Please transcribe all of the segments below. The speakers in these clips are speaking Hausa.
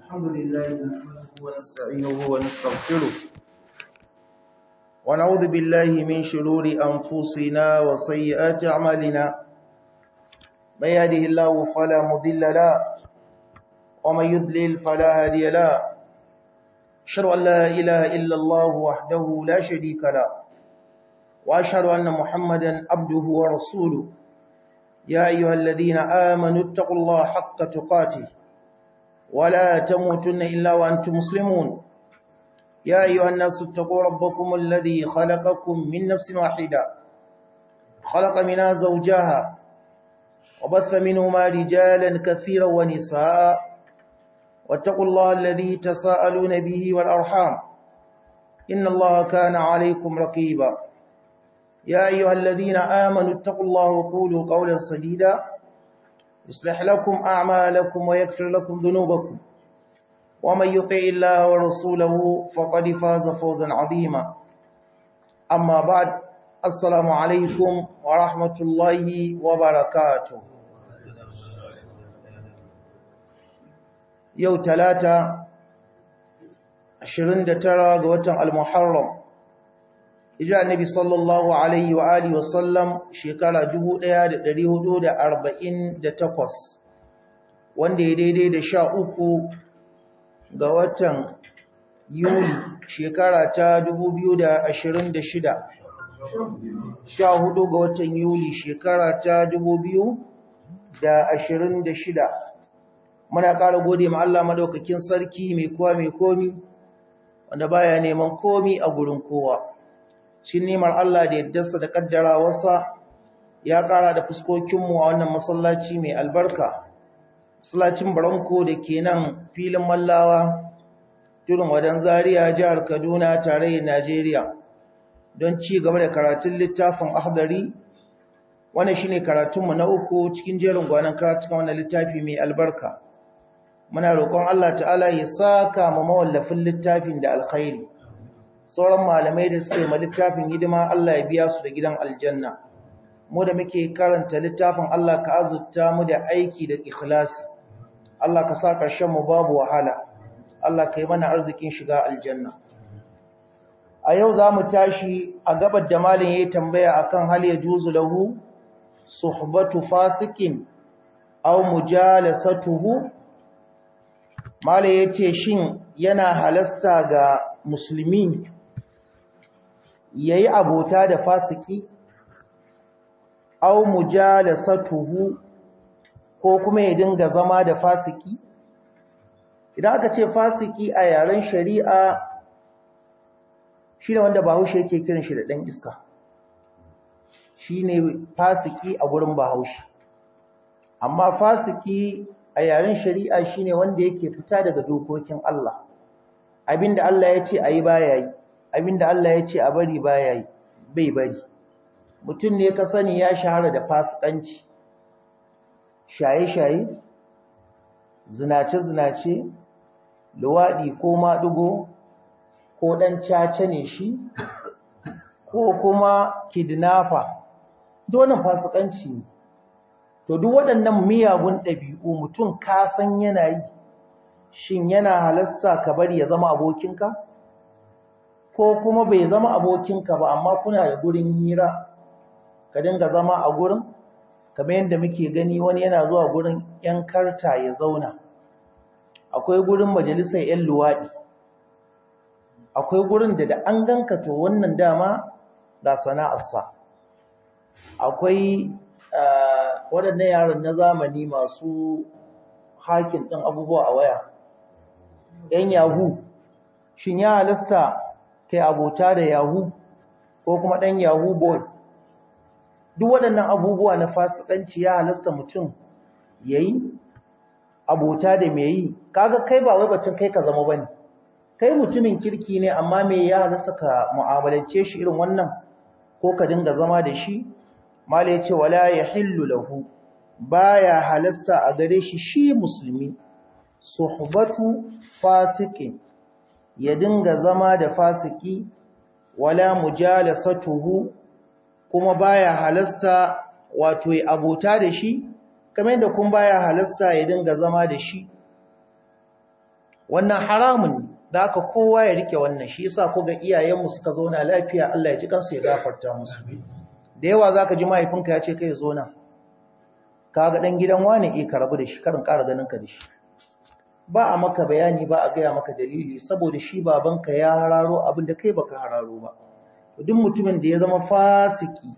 الحمد لله نحمده ونستعينه ونستغفره ونعوذ بالله من شرور أنفسنا وسيئات أعمالنا ما يهده الله فلا مضل له ومن يضلل فلا هادي له أشهد أن لا إله إلا الله وحده لا شريك له وأشهد أن محمدا عبده ورسوله يا أيها الذين آمنوا اتقوا الله حق تقاته ولا تموتن إلا وأنتم مسلمون يا أيها الناس اتقوا ربكم الذي خلقكم من نفس واحدة خلق منها زوجها وبث منهما رجالا كثيرا ونساء واتقوا الله الذي تساءلون به والأرحام إن الله كان عليكم رقيباً يا أيها الذين آمنوا اتقوا الله وقولوا قولا سديدا يصلح لكم أعمالكم ويكفر لكم ذنوبكم ومن يطع الله ورسوله فقد فاز فوزا عظيما أما بعد السلام عليكم ورحمة الله وبركاته يوم ثلاثة 29 ga watan المحرم hijira annabi sallallahu alaihi wa alihi wasallam shekara 1448 wanda ya daidai da sha uku ga watan yuli shekara ta 2026 hudu ga watan yuli shekara ta 2026 muna ƙara gode ma Allah madaukakin sarki mai kowa mai komi wanda baya neman komi a gurin kowa shi nimar Allah da yaddarsa da wasa ya ƙara da fuskokinmu a wannan masallaci mai albarka masallacin baranko da ke nan filin mallawa turin wadan Zariya jihar kaduna tarayyar najeriya don ci gaba da karatun littafin ahdari shi shine karatunmu na uku cikin jerin gwanon karatun wannan littafi mai albarka muna roƙon Allah ta'ala ya saka ma mawallafin littafin da alkhairi sauran malamai da suke ma littafin hidima Allah ya biya su da gidan aljanna mu da muke karanta littafin Allah ka azurta mu da aiki da ikhlasi Allah ka sa ƙarshen mu babu wahala Allah ka yi mana arzikin shiga aljanna a yau za mu tashi a gabar da malin ya yi tambaya akan hal ya juzu lahu suhbatu fasikin aw mujalasatuhu malin ya ce shin yana halasta ga musulmi ya yi abota da fasiki au da tuhu ko kuma ya dinga zama da fasiki idan aka ce fasiki a yaren shari'a shi ne wanda bahaushe yake kiran shi da ɗan iska shi ne fasiki a gurin bahaushe amma fasiki a yaren shari'a shi wanda yake fita daga dokokin Allah abinda Allah ya ce ayi baya yi abinda Allah ya ce a bari baya yi bai bari mutum ne ka sani ya shahara da fasikanci shaye-shaye zinace-zinace luwaɗi ko maɗugo ko ɗan caca ne shi ko kuma kidnafa donon fasikanci ne to duk waɗannan miyagun ɗabi'u mutum kasan yana yi shin yana halasta ka bari ya zama abokinka ko kuma bai zama abokinka ba amma kuna da gurin hira ka dinga zama a gurin kamar yadda muke gani wani yana zuwa gurin 'yan karta ya zauna akwai gurin majalisar 'yan luwaɗi akwai gurin da da an ganka to wannan dama ga sana'arsa akwai eh, waɗannan yaran na zamani masu hakin ɗin abubuwa a waya 'yan yahu shin ya halasta kai abota da yahu ko kuma ɗan yahu boy duk waɗannan abubuwa na fasikanci ya halasta mutum ya yi abota da mai yi kaga kai ba wai batun kai ka zama ba ne kai mutumin kirki ne amma mai ya halasta ka mu'amalance shi irin wannan ko ka dinga zama da shi mala ya ce wala ya hillu lahu Ba ya halasta a gare shi shi musulmi suhbatu fasiki ya dinga zama da fasiki wala mujalasatuhu kuma baya halasta wato ya abota da shi kamar da kun baya halasta ya dinga zama da shi wannan haramun da aka kowa ya rike wannan shi yasa ko ga iyayenmu suka zauna lafiya Allah ya ji kansu ya gafarta musu da yawa zaka ji mahaifinka ya ce kai zo nan kaga dan gidan wane e ka rabu da shi karin ƙara ganinka da shi ba a maka bayani ba a gaya maka dalili saboda shi babanka ya hararo abin da kai baka hararo ba duk mutumin da ya zama fasiki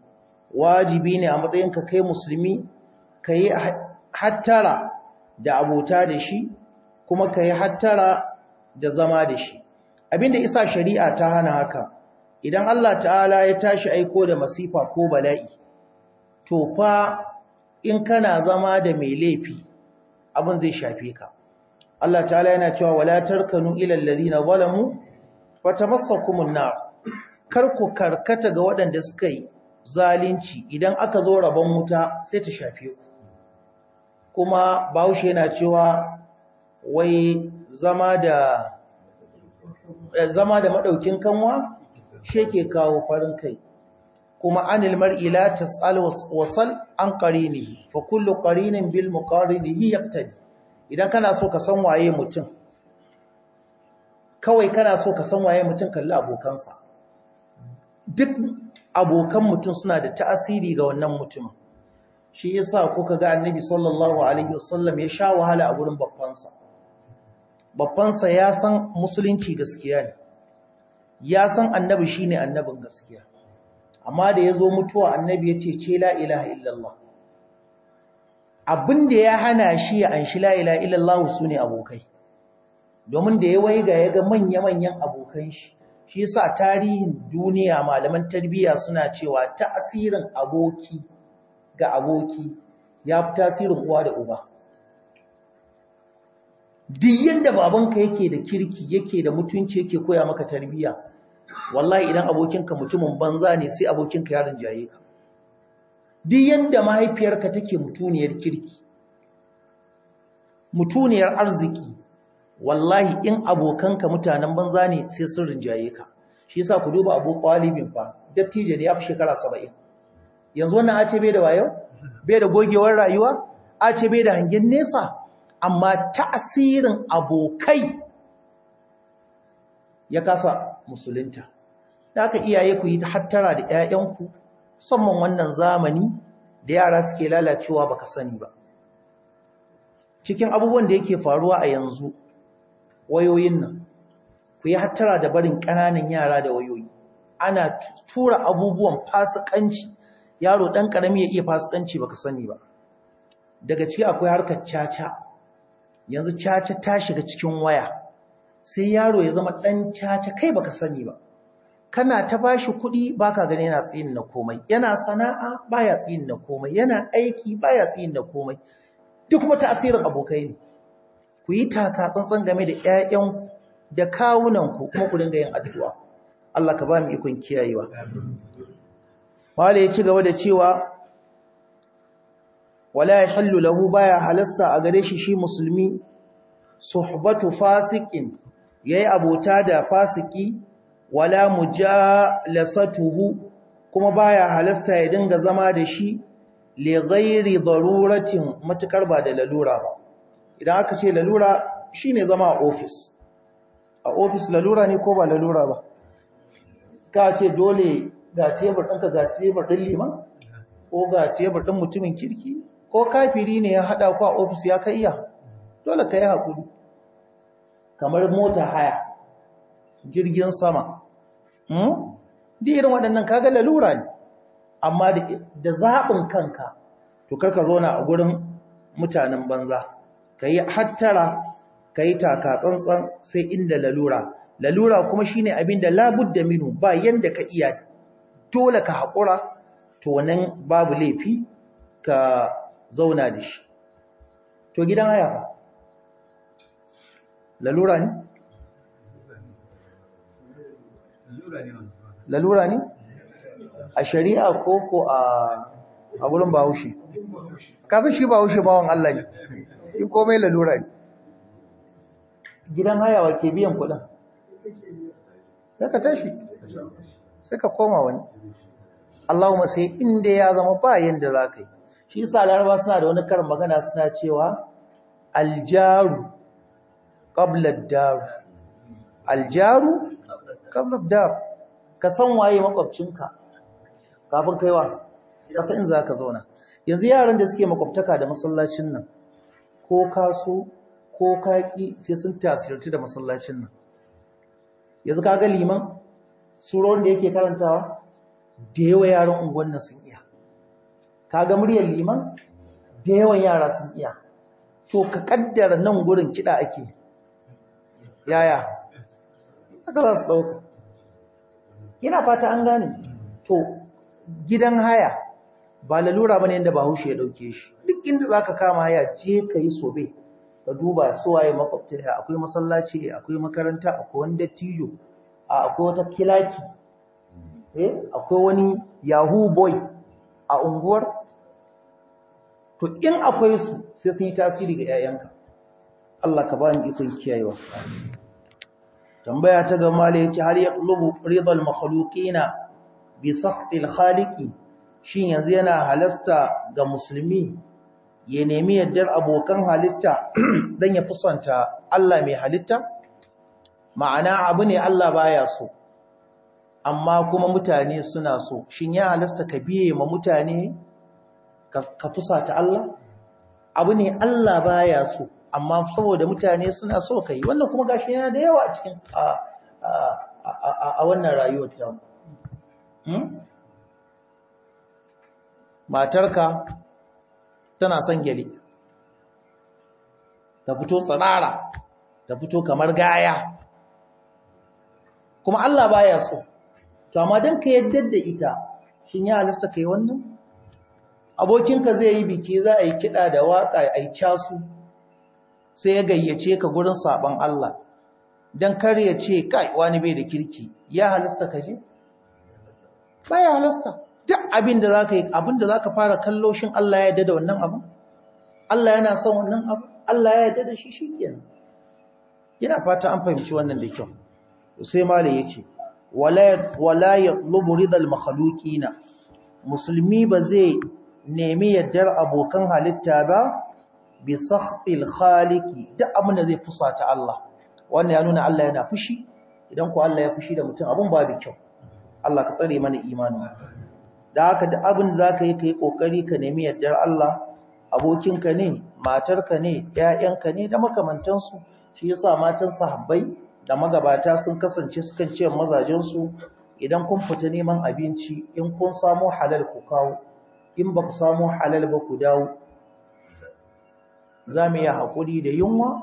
wajibi ne a matsayinka kai musulmi ka yi hattara da abota da shi kuma ka yi hattara da zama da shi abinda isa shari'a ta hana haka idan Allah ta'ala ya tashi aiko da masifa ko bala'i to fa in kana zama da mai laifi abin zai shafe ka Allah ta'ala yana cewa wala tarkanu ila alladhina zalamu fatamassakumun nar kar ku karkata ga waɗanda suka yi zalunci idan aka zo rabon wuta sai ta shafe ku kuma ba'ushe yana cewa wai zama da eh, zama da madaukin kanwa sheke kawo farin kai kuma anil mar'i la tas'al wasal an qarinihi fa kullu qarinin bil muqarinihi yaqtadi idan kana so ka san waye mutum kawai kana so ka san waye mutum kalli abokansa duk abokan mutum suna da ta'asiri ga wannan mutum shi yasa kuka ga annabi sallallahu alaihi wasallam ya sha wahala a gurin babbansa babbansa ya san musulunci gaskiya ne ya san annabi shine annabin gaskiya amma da yazo mutuwa annabi yace ce la ilaha illallah abin da ya hana shi ya anshi la ilallahu su ne abokai domin da ya wai ga ya ga manya-manyan abokan shi shi yasa tarihin duniya malaman tarbiyya suna cewa tasirin aboki ga aboki ya fi tasirin uwa da uba duk yanda babanka yake da kirki yake da mutunci yake koya maka tarbiyya wallahi idan abokinka mutumin banza ne sai abokinka ya jayeka. duk yadda mahaifiyarka take mutuniyar kirki mutuniyar arziki wallahi in abokanka mutanen banza ne sai sun rinjaye ka shi yasa ku duba abu qalibin fa dattijo ne ya fi shekara saba'in yanzu wannan a ce bai da wayo bai da gogewar rayuwa a ce bai da hangen nesa amma ta'asirin abokai ya kasa musulunta da aka iyaye ku yi ta hattara da 'ya'yanku musamman wannan zamani da yara suke lalacewa baka sani ba cikin abubuwan da yake faruwa a yanzu wayoyin nan ku yi hattara da barin ƙananan yara da wayoyi ana tura abubuwan fasikanci yaro ɗan ƙarami ya iya fasikanci baka sani ba daga ciki akwai harkar caca yanzu caca ta shiga cikin waya sai yaro ya zama ɗan caca kai baka sani ba kana ta bashi kuɗi ba ka gani yana tsayin na komai yana sana'a ba ya tsayin na komai yana aiki ba ya tsayin na komai duk kuma tasirin abokai ne ku yi taka tsantsan game da ƴaƴan da kawunan ku kuma ku dinga yin addu'a Allah ka ba mu ikon kiyayewa Mala ya ci gaba da cewa wala yahillu lahu baya halasta a gare shi shi musulmi suhbatu fasiqin yayi abota da fasiki wala mu mujalasatuhu kuma baya halasta ya dinga zama da shi li ghairi daruratin matukar ba da lalura ba idan aka ce lalura shine zama a office a office lalura ne ko ba lalura ba ka ce dole ga tebur ɗinka ga tebur ɗin liman ko ga tebur ɗin mutumin kirki ko kafiri ne ya haɗa ku a ofis ya kai iya dole ka yi haƙuri kamar mota haya jirgin sama Hmm? Di irin waɗannan kaga lalura ne amma da zaɓin kanka to karka zo na a gurin mutanen banza ka yi hattara ka yi taka tsantsan sai inda lalura lalura kuma shi shine abin da labudda minu ba yanda ka iya dole ka haƙura to wannan babu laifi ka zauna da shi to gidan haya ba, lalura ne lalura ne a shari'a ko ko a a gurin bahaushe kasu shi bahaushe bawon Allah ne in komai lalura ne gidan hayawa ke biyan kudin Ya ka tashi sai ka koma wani Allahumma sai inda ya zama bayan da za ka yi shi sa larabawa suna da wani karin magana suna cewa aljaru ƙablar daru aljaru qarrab da ka san waye makwabcinka kafin kaiwa ka san in zaka zauna yanzu yaran da suke makwabtaka da masallacin nan ko kaso ko kaki sai sun tasirci da masallacin nan yanzu kaga liman suron da yake karantawa da yawa yaran unguwan nan sun iya kaga muryar liman da yawan yara sun iya to ka kaddara nan gurin kida ake yaya haka za su ɗauka ina fata an gane to gidan haya ba lalura ba ne inda bahaushe ya ɗauke shi duk inda za ka kama haya je ka yi sobe ka duba suwaye makwabta akwai masallaci akwai makaranta akwai wani dattijo akwai wata kilaki eh, akwai wani yahoo boy a unguwar to in akwai su sai sun yi tasiri ga 'ya'yanka Allah ka ba ni ikon kiyayewa tambaya ta ga mala yace har ya yaqlubu ridal makhluqina bi sahtil khaliqi shin yanzu yana halasta ga musulmi ya nemi yaddar abokan halitta dan ya fusanta Allah mai halitta ma'ana abu ne Allah baya so amma kuma mutane suna so shin ya halasta ka biye ma mutane ka fusata Allah abu ne Allah baya so amma saboda mutane suna so kai wannan kuma gashi yana da yawa a cikin a wannan rayuwar ta hmm? matarka tana son gyale ta fito tsirara ta fito kamar gaya kuma Allah baya so to amma dan ka yadda da ita shin ya halasta kai wannan abokinka zai yi biki za a yi kida da waka a yi casu sai ya gayyace ka gurin saban Allah don kar ya ce kai wani bai da kirki ya halasta ka je ba ya halasta duk abin da ka yi abin da ka fara kallo shin Allah ya yarda da wannan abu Allah yana son wannan abu Allah ya yarda da shi shikenan yana fata an fahimci wannan da kyau sai ya ce wala wala yatlubu ridal makhluqina musulmi ba zai nemi yaddar abokan halitta ba bi sakhtil khaliqi duk abin da zai fusata Allah wannan ya nuna Allah yana fushi idan ku Allah ya fushi da mutum abun babu kyau Allah ka tsare mana imani da haka duk abin zaka yi kai kokari ka nemi yardar Allah abokinka ne matar ka ne ka ne da su shi yasa matan sahabbai da magabata sun kasance sukan ce mazajen su idan kun fita neman abinci in kun samu halal ku kawo in ba ku samu halal ba ku dawo za mu yi haƙuri da yunwa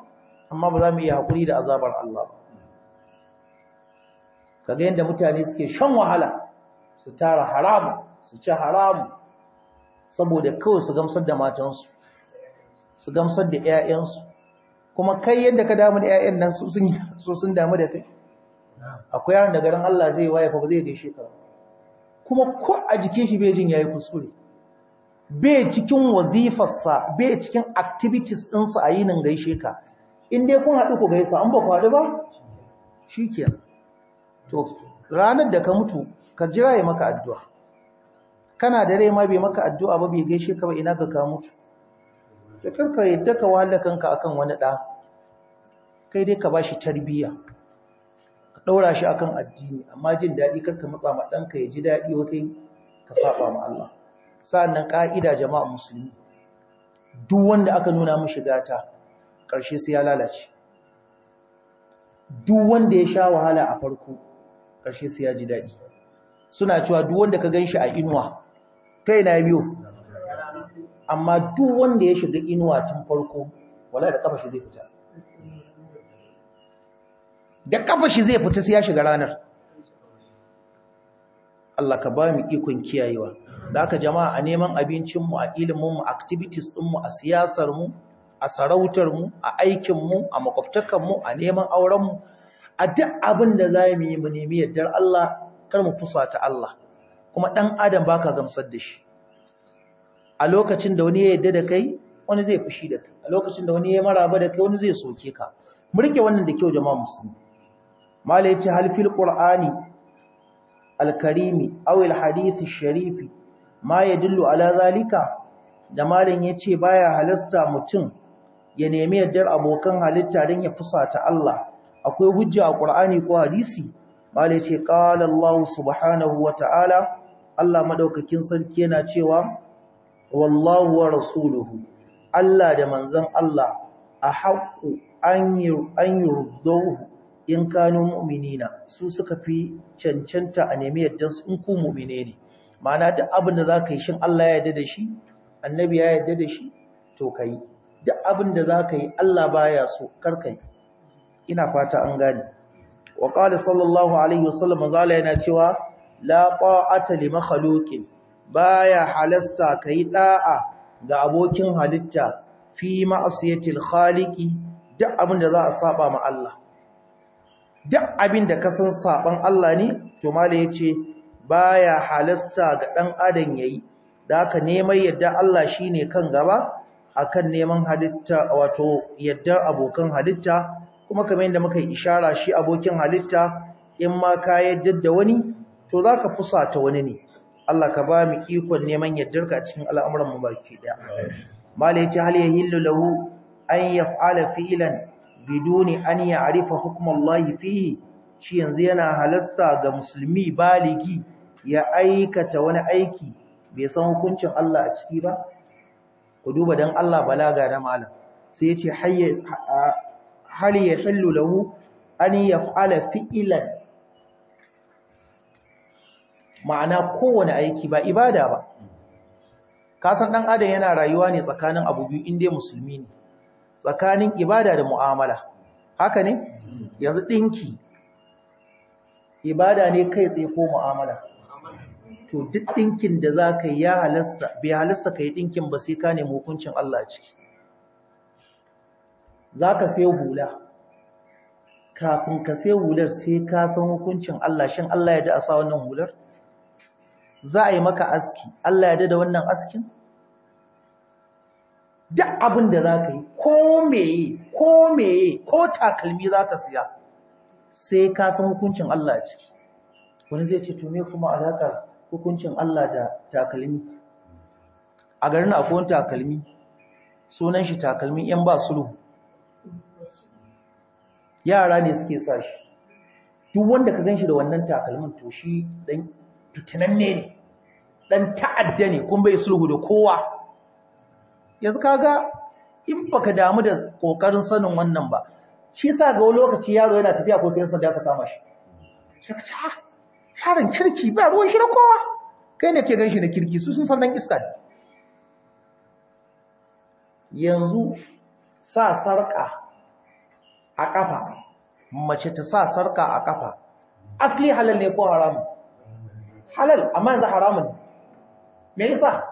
amma ba za mu yi haƙuri da azabar Allah ba kaga yadda mutane suke shan wahala su tara haramu su ci haramu saboda kawai su gamsar da matansu su gamsar da 'ya'yansu kuma kai yadda ka damu da 'ya'yan nan so sun damu da kai akwai yaron da garin Allah zai waye fa ba zai gaishe ka kuma ko a jikin shi bai jin yayi kuskure bai cikin wazifarsa bai cikin activities ɗinsa a yinin gaishe ka in kun haɗu ku gaisa an ba ku haɗu ba shi ke to ranar da ka mutu ka jira ya maka addu'a kana da rai ma bai maka addu'a ba bai gaishe ka ba ina ka ka mutu da karka yadda ka wahala kanka akan wani ɗa kai dai ka ba shi tarbiyya ka ɗaura shi akan addini amma jin daɗi karka matsa ma ɗanka ya ji daɗi kai, ka saba ma Allah sa'annan ka'ida jama'a musulmi duk wanda aka nuna shiga gata ƙarshe sai ya lalace duk wanda ya sha wahala a farko ƙarshe sai ya ji daɗi suna cewa duk wanda ka gan shi a inuwa kai na biyu amma duk wanda ya shiga inuwa tun farko wala da kafa shi zai fita da kafa shi zai fita sai ya shiga ranar Allah ka ba mu ikon kiyayewa da aka jama'a a neman abincinmu a iliminmu activities ɗinmu a siyasarmu a sarautarmu a aikinmu a makwabtakanmu a neman aurenmu a duk abin da za mu yi mu nemi yardar Allah kar mu fusata Allah kuma ɗan adam baka gamsar da shi a lokacin da wani ya yarda da kai wani zai fushi da kai a lokacin da wani ya maraba da kai wani zai soke ka mu rike wannan da kyau jama'a musulmi mala yace hal fil qur'ani al karimi aw al hadith sharifi ma ya dillu ala zalika da malin ya ce baya halasta mutum ya nemi yaddar abokan halitta don ya fusata Allah akwai hujja a ƙur'ani ko hadisi malin ya ce ƙala Allah subhanahu wa ta'ala Allah maɗaukakin sarki yana cewa wallahu wa rasuluhu Allah da manzan Allah a haƙƙu an yurdohu in kanu mu'minina su suka fi cancanta a nemi yaddarsu in ku mu'mine ne ma'ana duk abin da za ka yi shin Allah ya yarda da shi annabi ya yarda da shi to ka yi duk abin da za ka yi Allah baya so kar ka yi ina fata an gane wa qala sallallahu alaihi wasallam zala yana cewa la qa'ata li makhluqin baya halasta kai da'a ga abokin halitta fi ma'asiyatil khaliqi duk abin da za a saba ma Allah duk abin da ka san saban Allah ne to mala yace baya halasta ga dan adam yayi da ka neman yadda Allah shine kan gaba akan neman halitta wato yadda abokan halitta kuma kamar yadda muka yi ishara shi abokin halitta in ma ka yadda da wani to zaka fusata wani ne Allah ka ba mu ikon neman yaddarka a cikin al'amuran mu baki ɗaya malai ce hal yahillu lahu an yaf'ala fi'lan biduni an ya'rifa hukmullahi fihi shi yanzu yana halasta ga musulmi baligi ya aikata wani aiki bai san hukuncin Allah a ciki ba ku duba dan Allah balaga da malam sai yace hayya hal hallu lahu an yaf'ala fi'lan ma'ana kowane aiki ba ibada ba Ka san ɗan adam yana rayuwa ne tsakanin abu biyu inda musulmi ne tsakanin ibada da mu'amala haka ne yanzu ɗinki ibada ne kai tsaye ko mu'amala to duk ɗinkin da za ka yi ya halasta bai halasta ka yi ɗinkin ba sai ka ne hukuncin Allah ciki za ka sai hula kafin ka sai hular sai ka san hukuncin Allah shin Allah ya da a sa wannan hular za a yi maka aski Allah ya da da wannan askin duk abin da za ka yi ko meye ko meye ko takalmi za ka siya sai ka san hukuncin Allah ciki wani zai ce to me kuma alaƙar hukuncin Allah da takalmi a garin akwai takalmi sunan shi takalmi yan ba sulhu yara ne suke sa shi duk wanda ka ganshi da wannan takalmin to shi dan fitinan ne dan ta'adda ne kun bai sulhu da kowa yanzu kaga in baka damu da kokarin sanin wannan ba shi sa ga lokaci yaro yana tafiya ko sai da ya saka mashi shakta yaron kirki ba ruwan shi na kowa kai ne ke gan shi kirki su sun sannan iska ne yanzu sa sarka a kafa mace ta sa sarka a kafa asli halal ne ko haramun halal amma yanzu haramun me yasa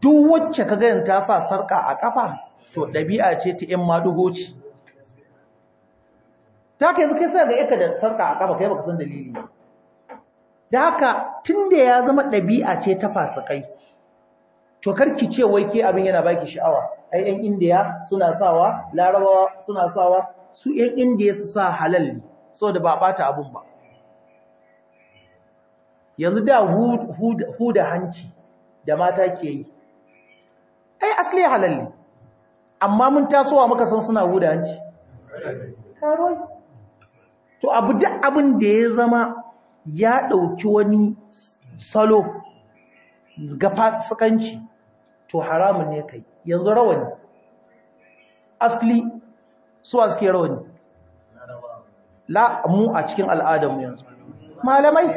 duk wacce ka ganin ta sa sarka a kafa to dabi'a ce ta 'yan madugoci ta ka yanzu kai sai ga yaka da sarka a kafa kai baka san dalili ba da haka tunda ya zama ɗabi'a ce ta fasikai to karki ce wai ke abin yana baki sha'awa ai yan indiya suna sawa larabawa suna sawa su yan indiya su sa halal ne saboda ba bata abun ba yanzu da huda hanci da mata ke yi ai asali halal ne amma mun tasowa muka san suna huda hanci to abu duk abin da ya zama ya ɗauki wani salo ga fasikanci to haramun ne kai yanzu rawani asli suwa suke rawani la mu a cikin al'adamu yanzu malamai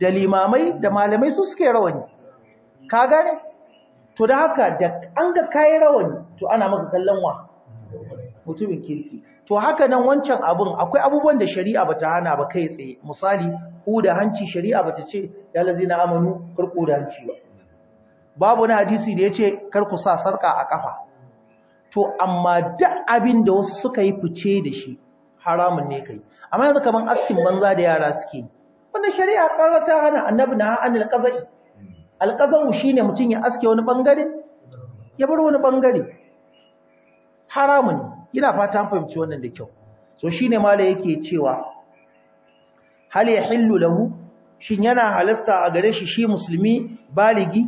da limamai da malamai su suke rawani ka gane to da haka da an ga kayi rawani to ana maka kallon wa mutumin kirki to haka nan wancan abun akwai abubuwan da shari'a bata hana ba kai tsaye misali huda hanci shari'a bata ce ya lazina amanu karku da hanci ba babu na hadisi da yace kar ku sa sarka a kafa to amma duk abin da wasu suka yi fice da shi haramun ne kai amma yanzu kaman askin banza da yara suke wannan shari'a ta hana annabi na anil qazai alqazau shine mutun ya aske wani bangare ya bar wani bangare haramun ne ina fata an fahimci wannan da kyau so shine mala yake cewa hal yahillu lahu shin yana halasta a gare shi shi musulmi baligi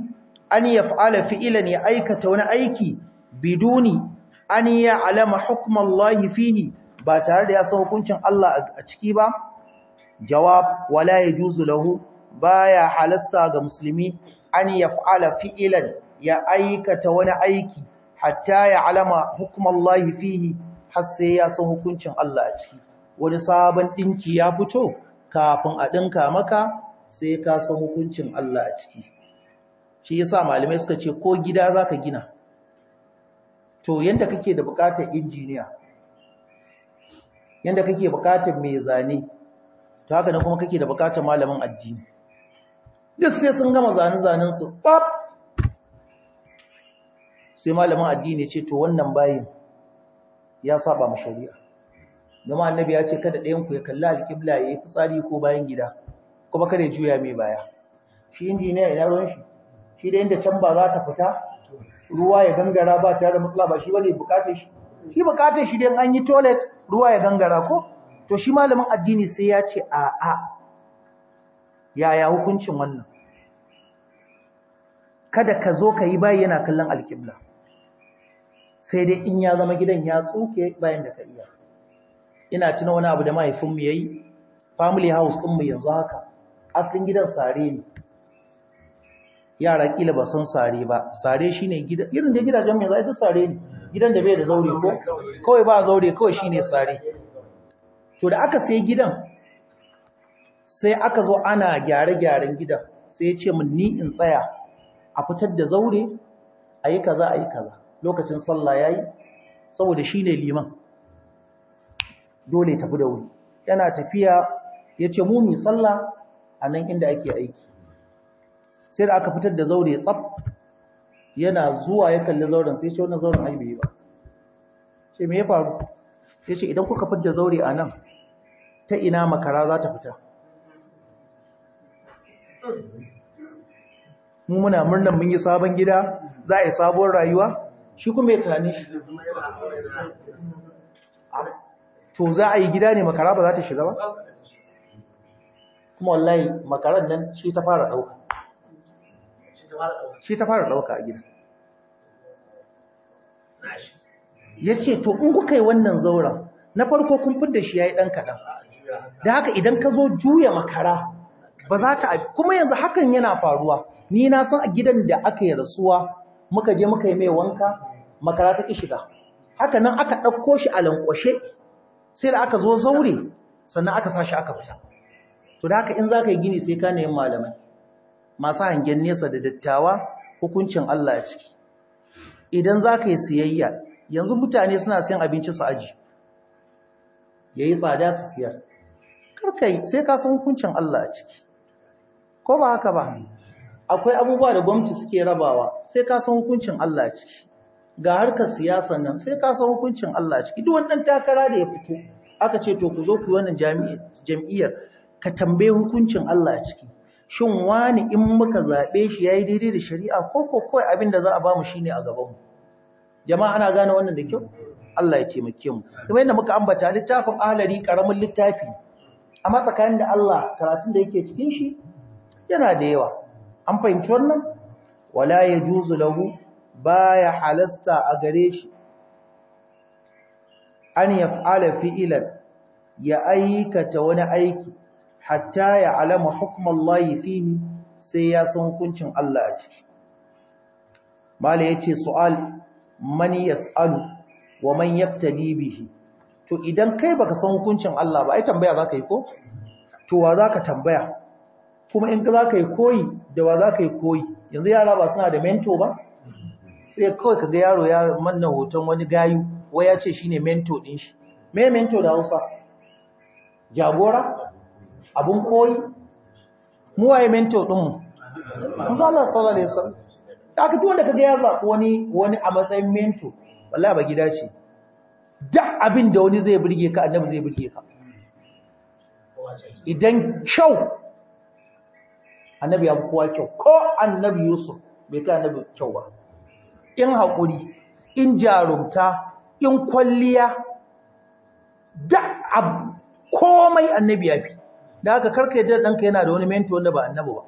an yaf'ala fi'lan ya aikata wani aiki biduni an ya alama hukmallahi fihi ba tare da ya san hukuncin Allah a ciki ba jawab wala yajuzu lahu baya halasta ga musulmi an yaf'ala fi'lan ya aikata wani aiki hatta ya alama hukumallahi fihi har sai ya san hukuncin Allah a ciki wani sabon dinki ya fito kafin a ɗinka maka sai ka san hukuncin Allah a ciki shi yasa malamai suka ce ko gida zaka gina to yanda kake da bukatar injiniya yanda kake bukatar mai zane to haka ne kuma kake da bukatar malamin addini duk sai sun gama zane-zanen su sai malamin addini ce to wannan bayin ya saba ma shari'a dama annabi ya ce kada ɗayan ku ya kalli alƙibla ya yi fitsari ko bayan gida kuma kada ya juya mai baya shi injiniya ya ruwan shi shi da inda can ba za ta fita ruwa ya gangara ba tare da matsala ba shi bane bukatar shi shi bukatar shi dan an yi toilet ruwa ya gangara ko to shi malamin addini sai ya ce a a yaya hukuncin wannan kada ka zo ka yi bayi yana kallon alƙibla sai dai in ya zama gidan ya tsuke bayan da ka iya ina cina wani abu da mahaifinmu ya yi family house mu yanzu haka asalin gidan sare ne yara kila ba san sare ba sare shi ne irin da gidajen mai zai duk sare ne gidan da bai da zaure ko kawai ba zaure kawai shi sare to da aka sai gidan sai aka zo ana gyare-gyaren gidan sai ya ce min ni in tsaya a fitar da zaure a yi kaza a yi kaza lokacin sallah yayi saboda shine liman dole tafi da wuri yana tafiya yace mu mi sallah anan inda ake aiki sai da aka fitar da zaure tsaf yana zuwa ya kalli zauren sai ce wannan zauren aibe ba ce me ya faru sai ce idan kuka fitar da zaure anan ta ina makara za ta fita mu muna murnan mun yi sabon gida za a yi sabon rayuwa shi kuma ya tunani shi to za a yi gida ne makara ba za ta shiga ba kuma wallahi makaran nan shi ta fara ɗauka shi ta fara ɗauka a gida ya ce to in kuka yi wannan zauren na farko kun fidda shi ya yi ɗan kaɗan da haka idan ka zo juya makara ba za ta kuma yanzu hakan yana faruwa ni na san a gidan da aka yi rasuwa muka je muka yi mai wanka makara ta ki shiga haka nan aka ɗauko shi a lankwashe sai da aka zo zaure sannan aka sa shi aka fita to da haka in za ka yi gini sai ka nemi malamai masu hangen nesa da dattawa hukuncin Allah ya ciki idan za ka yi siyayya yanzu mutane suna siyan abinci su aji ya yi tsada su siyar karkai sai ka san hukuncin Allah a ciki ko ba haka ba akwai abubuwa da gwamnati suke rabawa sai ka san hukuncin Allah ciki ga harkar siyasa nan sai ka san hukuncin Allah ciki duk wannan takara da ya fito aka ce to ku zo ku yi wannan jam'iyyar ka tambaye hukuncin Allah ciki shin wani in muka zaɓe shi yayi daidai da shari'a ko ko kawai abin da za a bamu shine a gaban mu jama'a ana gane wannan da kyau Allah ya taimake mu kuma yadda muka ambata littafin alari karamin littafi amma tsakanin da Allah karatun da yake cikin shi yana da yawa an fahimci wannan wala yajuzu lahu ya halasta a gare shi an ya fa’ala fi'lan ya aikata wani aiki hatta ya alama hukmallahi fihi sai ya san hukuncin Allah a ciki mala yace su'al man yas'alu wa man yaktadi bihi to idan kai baka san hukuncin Allah ba ai tambaya zaka yi ko to wa zaka tambaya kuma in za ka yi koyi da wa za ka yi koyi yanzu yara ba suna da mento ba sai kawai ka ga yaro ya manna hoton wani gayu wai ya ce shine mento din shi me mento da Hausa jagora abun koyi mu waye mento din mu Allah sallallahu alaihi wasallam aka duk wanda ga ya zabi wani wani a matsayin mento wallahi ba gida ce duk abin da wani zai burge ka annabi zai burge ka idan kyau annabi ya fi kowa kyau ko annabi yusuf bai kai annabi kyau ba in haƙuri in jarumta in kwalliya da komai annabi ya fi da haka karka yadda ɗanka yana da wani menti wanda ba annabi ba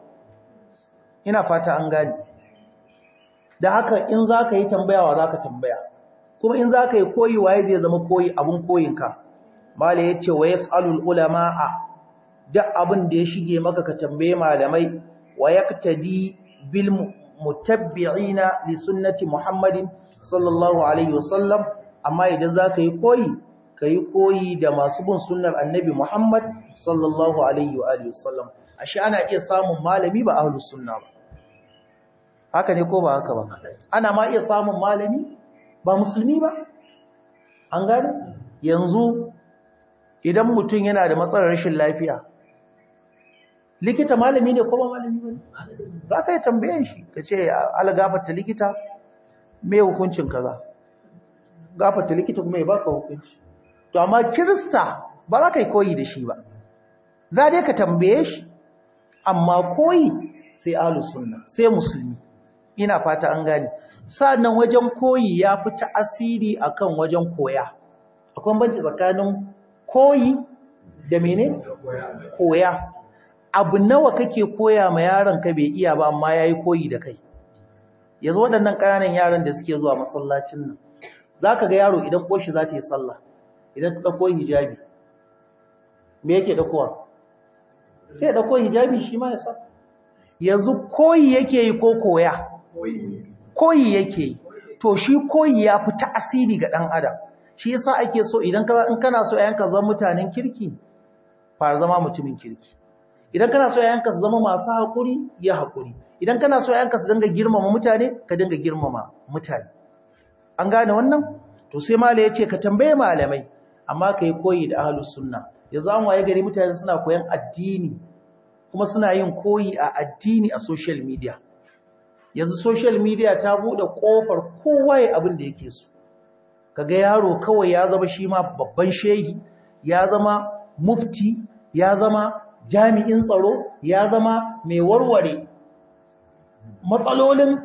ina fata an gane da haka in za ka yi tambayawa za ka tambaya kuma in za ka yi koyi waye zai zama koyi abin koyinka da ya ce wa ya tsalul ulama a duk abin da ya shige maka ka tambaye malamai wa yaktadi bil mutabbi'ina li sunnati Muhammadin sallallahu alaihi wasallam amma idan zaka yi koyi kai koyi da masu bin sunnar annabi Muhammad sallallahu alaihi wa alihi wasallam ashe ana iya samun malami ba ahlus sunna ba haka ne ko ba haka ba ana ma iya samun malami ba musulmi ba an gane yanzu idan mutum yana da matsalar rashin lafiya likita malami ne ko ba malami ba ne? za ka yi tambayan shi ka ce gafata likita mai hukuncin kaza Gafata likita kuma ya baka hukunci to amma kirista ba za ka yi koyi da shi ba za dai ka tambaye shi amma koyi sai alusunna sai musulmi ina fata an gane nan wajen koyi ya fi ta'asiri akan wajen koya akwai banci tsakanin koyi da mene koya abu nawa kake koya ma yaron ka bai iya ba amma yayi koyi da kai yanzu waɗannan ƙananan yaran da suke zuwa masallacin nan zaka ga yaro idan koshi za ta yi sallah idan ta dauko hijabi me yake dakowa sai ya dauko hijabi shi ma ya sa yanzu koyi yake yi ko koya koyi yake yi to shi koyi ya fi ta'asiri ga dan adam shi yasa ake so idan kana so ayanka zan mutanen kirki fara zama mutumin kirki idan kana so yayanka su zama masu haƙuri ya haƙuri idan kana so yayanka su dinga girmama mutane ka danga girmama mutane an gane wannan to sai malai ya ce ka tambaye malamai amma ka koyi da ahlus sunna yanzu an waye gari mutane suna koyan addini kuma suna yin koyi a addini a social media yanzu social media ta buɗe ƙofar kowa ya abin da yake so kaga yaro kawai ya zama shi ma babban shehi ya zama mufti ya zama jami'in tsaro ya zama mai warware matsalolin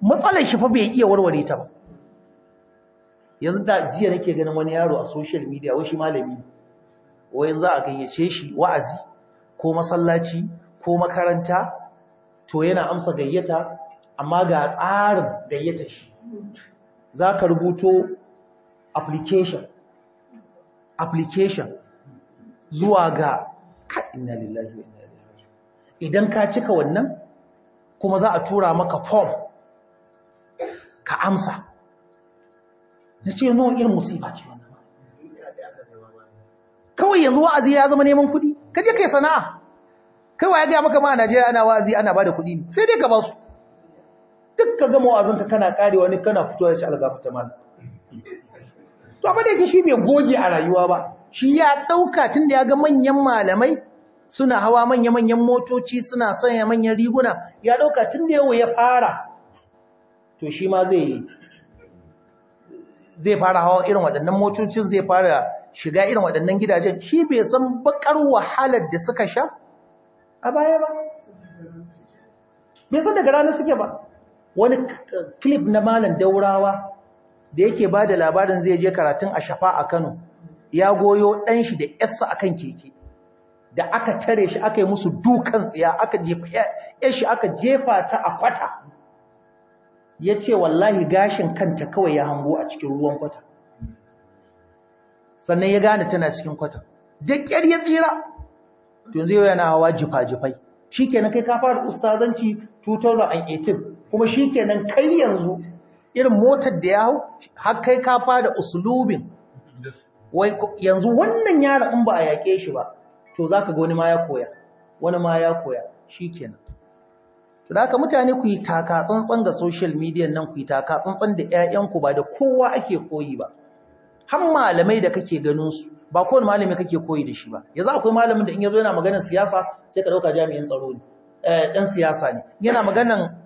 matsalar shi bai iya warware ta ba yanzu da jiya nake ganin wani yaro a social media wai shi malami wayan za a gayyace shi wa'azi ko masallaci ko makaranta to yana amsa gayyata amma ga tsarin gayyatar shi za ka rubuto application application zuwa ga inna lillahi wa inna ilaihi raji'un idan ka cika wannan kuma za a tura maka form ka amsa nace no irin musiba ce wannan kawai yanzu wa'azi ya zama neman kuɗi kaje kai sana'a Kai wa ya ga maka ma a Najeriya ana wa'azi ana bada kuɗi ne sai dai ka ba su duk ka gama wa'azinka kana kare wani kana fito da shi algafata mana to abin da yake shi bai goge a rayuwa ba shi ya dauka tunda ya ga manyan malamai suna hawa manya-manyan motoci suna sanya manyan riguna ya ɗauka tun da yau ya fara to shi ma zai fara hawa irin waɗannan motocin zai fara shiga irin waɗannan gidajen shi bai san bakar wahalar da suka sha a baya ba bai san daga ranar suke ba wani clip na malam daurawa da yake ba da labarin zai je karatun a shafa a kano ya goyo ɗanshi da yassa akan keke da aka tare shi aka yi musu dukan tsaya aka jefa shi aka jefa ta a kwata ya ce wallahi gashin kanta kawai ya hango a cikin ruwan kwata sannan ya gane tana cikin kwata da ya tsira to zai yana hawa jifa-jifai shi kenan kai ka da ustazanci 2018 kuma shi kenan kai yanzu irin motar da ya hau har kai kafa da usulubin yanzu wannan yara in ba a yaƙe shi ba to za ka wani ma ya koya wani ma ya koya shi kenan to da haka mutane ku yi taka tsantsan ga social media nan ku yi taka tsantsan da 'ya'yanku ba da kowa ake koyi ba har malamai da kake ganin su ba kowane malami kake koyi da shi ba yanzu akwai malamin da in yazo yana maganar siyasa sai ka dauka jami'in tsaro ne eh dan siyasa ne yana maganar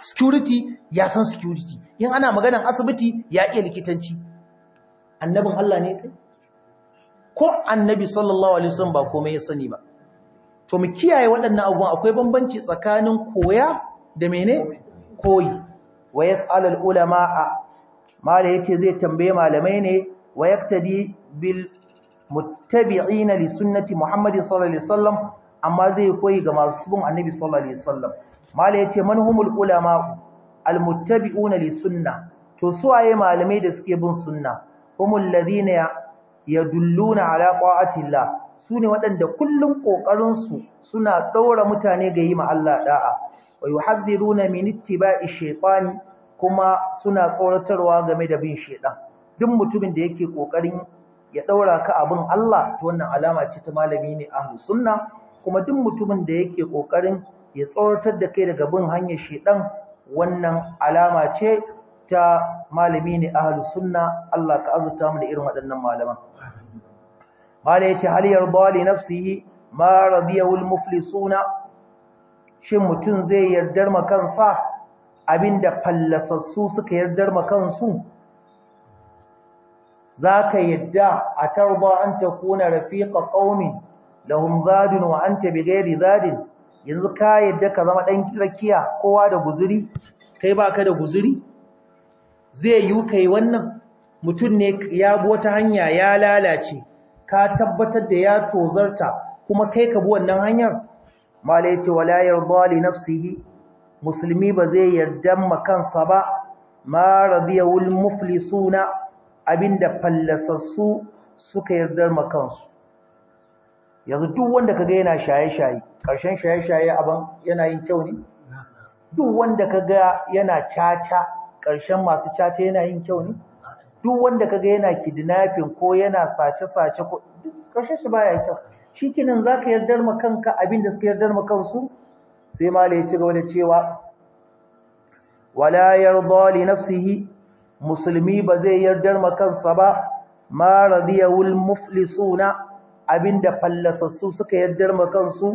security ya san security in ana maganar asibiti ya iya likitanci annabin Allah ne kai ko annabi sallallahu alaihi wasallam ba komai ya sani ba to mu kiyaye waɗannan abubuwan akwai bambanci tsakanin koya da mene koyi wa yas'alul ulama mala yace zai tambaye malamai ne wa yaktadi bil muttabi'ina li sunnati muhammadin sallallahu alaihi wasallam amma zai koyi ga masu bin annabi sallallahu alaihi wasallam mala yace manhumul ulama al muttabi'una li sunna to suwaye malamai da suke bin sunna humul ladina yadulluna ala qa'atillah sune waɗanda kullun kokarin suna ɗaura mutane ga yi ma Allah da'a wa yuhadhiruna min ittiba'i shaytani kuma suna tsoratarwa game da bin shaytan duk mutumin da yake kokarin ya daura ka abin Allah to wannan alama ce ta malami ne a sunna kuma duk mutumin da yake ƙoƙarin ya tsoratar da kai daga bin hanyar sheɗan wannan alama ce ta malami ne a sunna Allah ka azurta mu da irin waɗannan malaman قال yace bali yarda li nafsihi ma radiyahu al muflisuna shin mutum zai yardar ma abinda fallasassu suka yardar ma kansu zaka yadda a tarba an takuna rafiqa qaumin lahum zadun wa anta bighairi zadin yanzu ka yadda ka zama dan rakiya kowa da guzuri kai baka da guzuri zai yi kai wannan mutun ne ya bi wata hanya ya lalace ka tabbatar da ya tozarta kuma kai ka bi wannan hanyar mala yace wala yarda li nafsihi musulmi ba zai yarda ma kansa ba ma radiyul muflisuna abinda fallasassu suka yarda ma kansu yanzu duk wanda kaga yana shaye-shaye karshen shaye-shaye abin yana yin kyau ne duk wanda kaga yana caca karshen masu caca yana yin kyau ne duk wanda kaga yana kidnapping ko yana sace-sace ko kashe shi baya kyau shikenan zaka yardar ma kanka abin da suka yardar ma kansu sai mala ya ci gaba da cewa wala yarda li nafsihi musulmi ba zai yardar ma kansa ba ma radiyawul muflisuna abinda fallasassu suka yardar ma kansu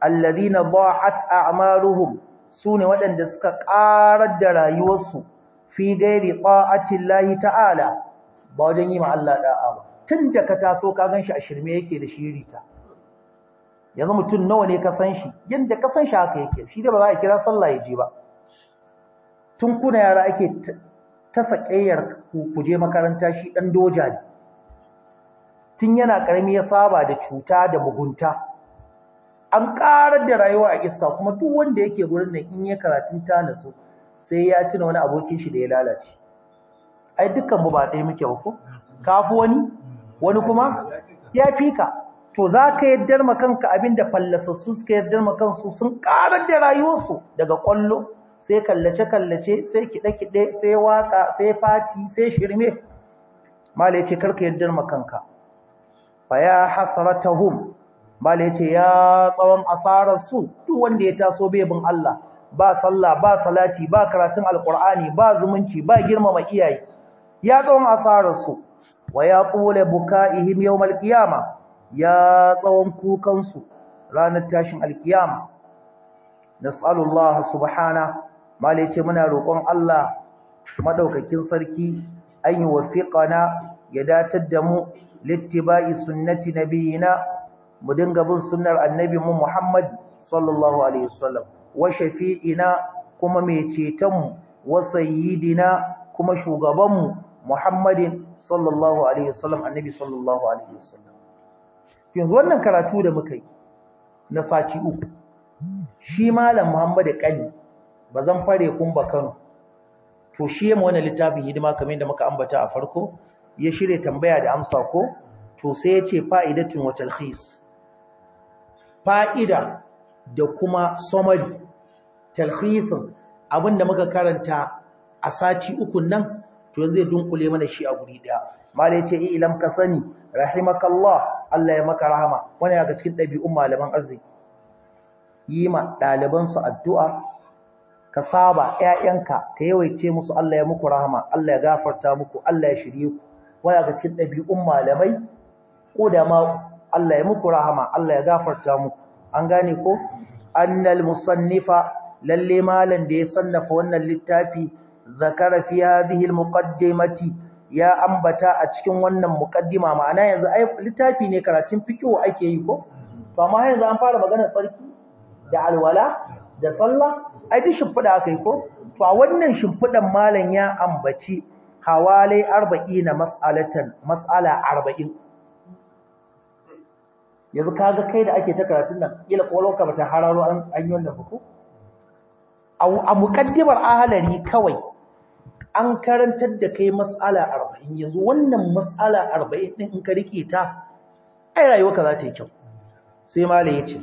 alladhina dha'at a'maluhum sune waɗanda suka ƙarar da rayuwarsu fi gairi ta ta'ala ba wajen yi ma Allah da'a ba tun da ka taso ka ganshi a shirme yake da shirita yanzu mutum nawa ne ka san shi yadda ka san shi haka yake shi da ba za a kira sallah ya je ba tun kuna yara ake ta saƙayyar ku je makaranta shi ɗan doja ne tun yana ƙarami ya saba da cuta da mugunta an ƙarar da rayuwa a iska kuma duk wanda yake gurin nan in yi karatun ta nasu sai ya tuna wani abokin shi da ya lalace ai dukkan mu ba ɗaya muke ba ko ka wani wani kuma ya fi to za ka ma kanka abin da fallasassu suka yarda ma kansu sun karar da rayuwarsu daga kwallo sai kallace-kallace sai kiɗe-kiɗe sai waƙa sai fati sai shirme malai ce karka yarda ma kanka fa ya hasarata hum malai ce ya tsawon asararsu duk wanda ya taso bebin Allah ba sallah ba salati ba karatun alkur'ani ba zumunci ba girmama iyaye ya tsawon asararsu wa ya qule bukaihim yau alqiyama ya tsawon kukansu ranar tashin alqiyama nas'alullah subhana malaice muna roƙon Allah maɗaukakin sarki an na ya datar da mu littiba'i sunnati nabiyina mu dinga bin sunnar annabi mu Muhammad sallallahu alaihi wasallam wa shafi'ina kuma mai cetonmu wa sayyidina kuma shugabanmu Muhammadin sallallahu alaihi wasallam annabi sallallahu alaihi wasallam yanzu wannan karatu da muka yi na sati uku shi malam Muhammadu Kali bazan fare kun ba Kano to shi mu wannan littafin hidima kamar yadda muka ambata a farko ya shirye tambaya da amsa ko to sai ya ce fa'idatun wa talkhis fa'ida da kuma summary talhisin abinda muka karanta a sati ukun nan to yanzu zai dunkule mana shi a guri daya mala yace eh ilam ka sani rahimakallah Allah ya maka rahama wani daga cikin dabi'un malaman arziki yi ma daliban su addu'a ka saba ƴaƴanka ka yawaice musu Allah ya muku rahama Allah ya gafarta muku Allah ya shirye ku wani daga cikin dabi'un malamai ko da ma Allah ya muku rahama Allah ya gafarta muku an gane ko annal musannifa lalle malam da ya sannafa wannan littafi zakara fi hadhihi muqaddimati ya ambata a cikin wannan muqaddima ma'ana yanzu ai littafi ne karatun fiqh ake yi ko to ma yanzu an fara magana tsarki da alwala da sallah ai duk shimfida akai ko to a wannan shimfidan malan ya ambaci hawalai 40 mas'alatan mas'ala 40 yanzu kaga kai da ake ta karatun nan kila kwalwarka ba ta hararo an yi wannan buku a muƙaddimar ahalari kawai an karantar da kai matsala arba'in yanzu wannan matsala arba'in ɗin in ka rike ta ai rayuwa ka za ta yi kyau sai malam ya ce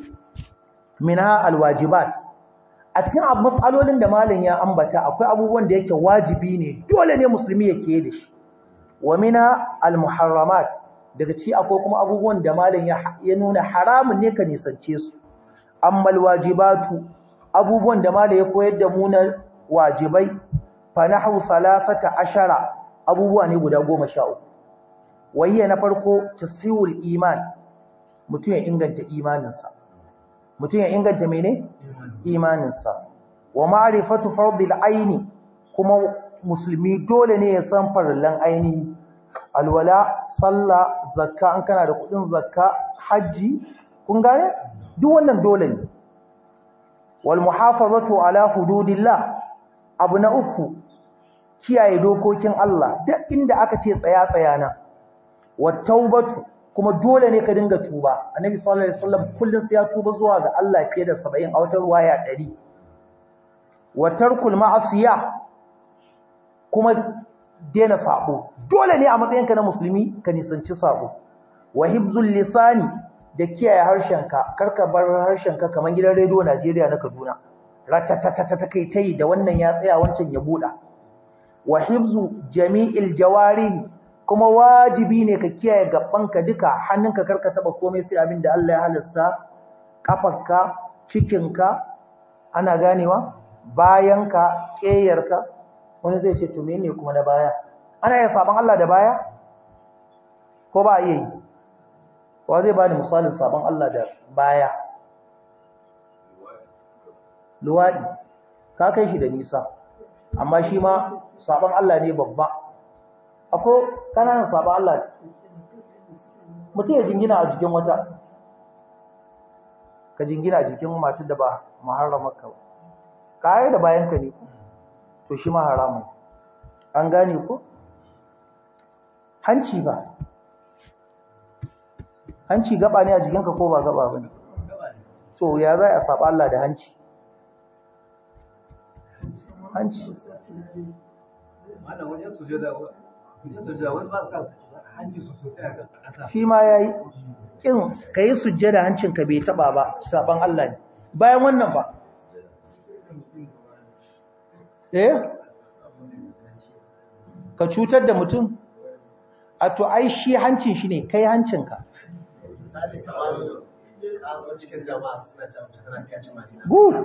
mina alwajibat a cikin matsalolin da malam ya ambata akwai abubuwan da yake wajibi ne dole ne musulmi ya ke da shi wa mina almuharramat daga ci akwai kuma abubuwan da malam ya nuna haramun ne ka nisance su ammal wajibatu abubuwan da malam ya koyar da mu na wajibai fa nahwu salafata ashara abubuwa ne guda goma sha wayya na farko tasihul iman mutum ya inganta imaninsa mutum ya inganta mene imaninsa wa ma'rifatu fardil aini kuma musulmi dole ne ya san farallan ainihi alwala sallah zakka an kana da kudin zakka haji kun gane duk wannan dole ne wal muhafazatu ala hududillah abu na uku kiyaye dokokin Allah duk inda aka ce tsaya tsaya na wat taubatu kuma dole ne ka dinga tuba annabi sallallahu alaihi wasallam kullun sai ya tuba zuwa ga Allah fiye da 70 a wata waya 100 wa tarkul ma'asiya kuma Dena sabo dole ne a matsayinka na musulmi ka nisanci sabo wa hibzul lisani da kiyaye harshenka karka bar harshenka kamar gidan rediyo Najeriya na Kaduna ratatatata kai tai da wannan ya tsaya wancan ya buda wa hibzu jami'il jawarihi kuma wajibi ne ka kiyaye gabanka duka hannunka karka taba komai sai abin da Allah ya halasta kafarka cikinka ana ganewa bayan bayanka ƙeyarka wani zai ce to menene kuma na baya ana yin sabon Allah da baya ko ba yi wa zai bani misalin sabon Allah da baya luwadi ka kai shi da nisa amma shi ma sabon Allah ne babba akwai kananan sabon Allah mutum ya jingina a jikin wata ka jingina a jikin matar da ba maharramar ka ba ka da bayan ka ne to shi ma haramun an gane ko hanci ba hanci gaba ne a jikinka ko ba gaba ba ne so ya za a saba Allah da hanci hanci shi ma ya yi ƙin ka yi sujjada hancinka bai taɓa ba saɓan Allah ne bayan wannan ba eh ka cutar da mutum a to ai shi hancin shi ne kai hancinka good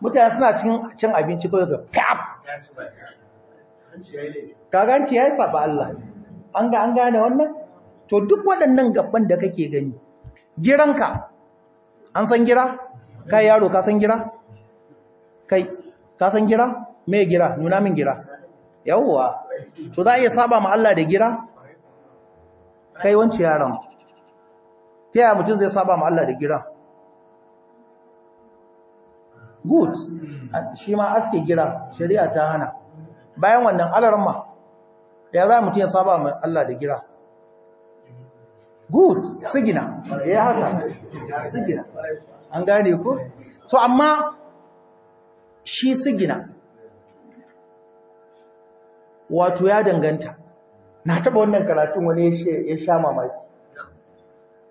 mutane suna cin abinci kawai ga kaf. kaganci ya yi saba Allah an ga an gane wannan to duk waɗannan gaban da kake gani giranka an san gira kai yaro ka san gira kai ka san gira me gira nuna min gira yawwa to za a iya saba ma Allah da gira kai wanci yaron ta yaya mutum zai saba ma Allah da gira good shi ma aske gira shari'a ta hana bayan wannan alarma ya za mutum ya saba ma Allah da gira good sigina ya eh, haka sigina an gane ko to amma shi sigina wato ya danganta na taba wannan karatun wani ya sha mamaki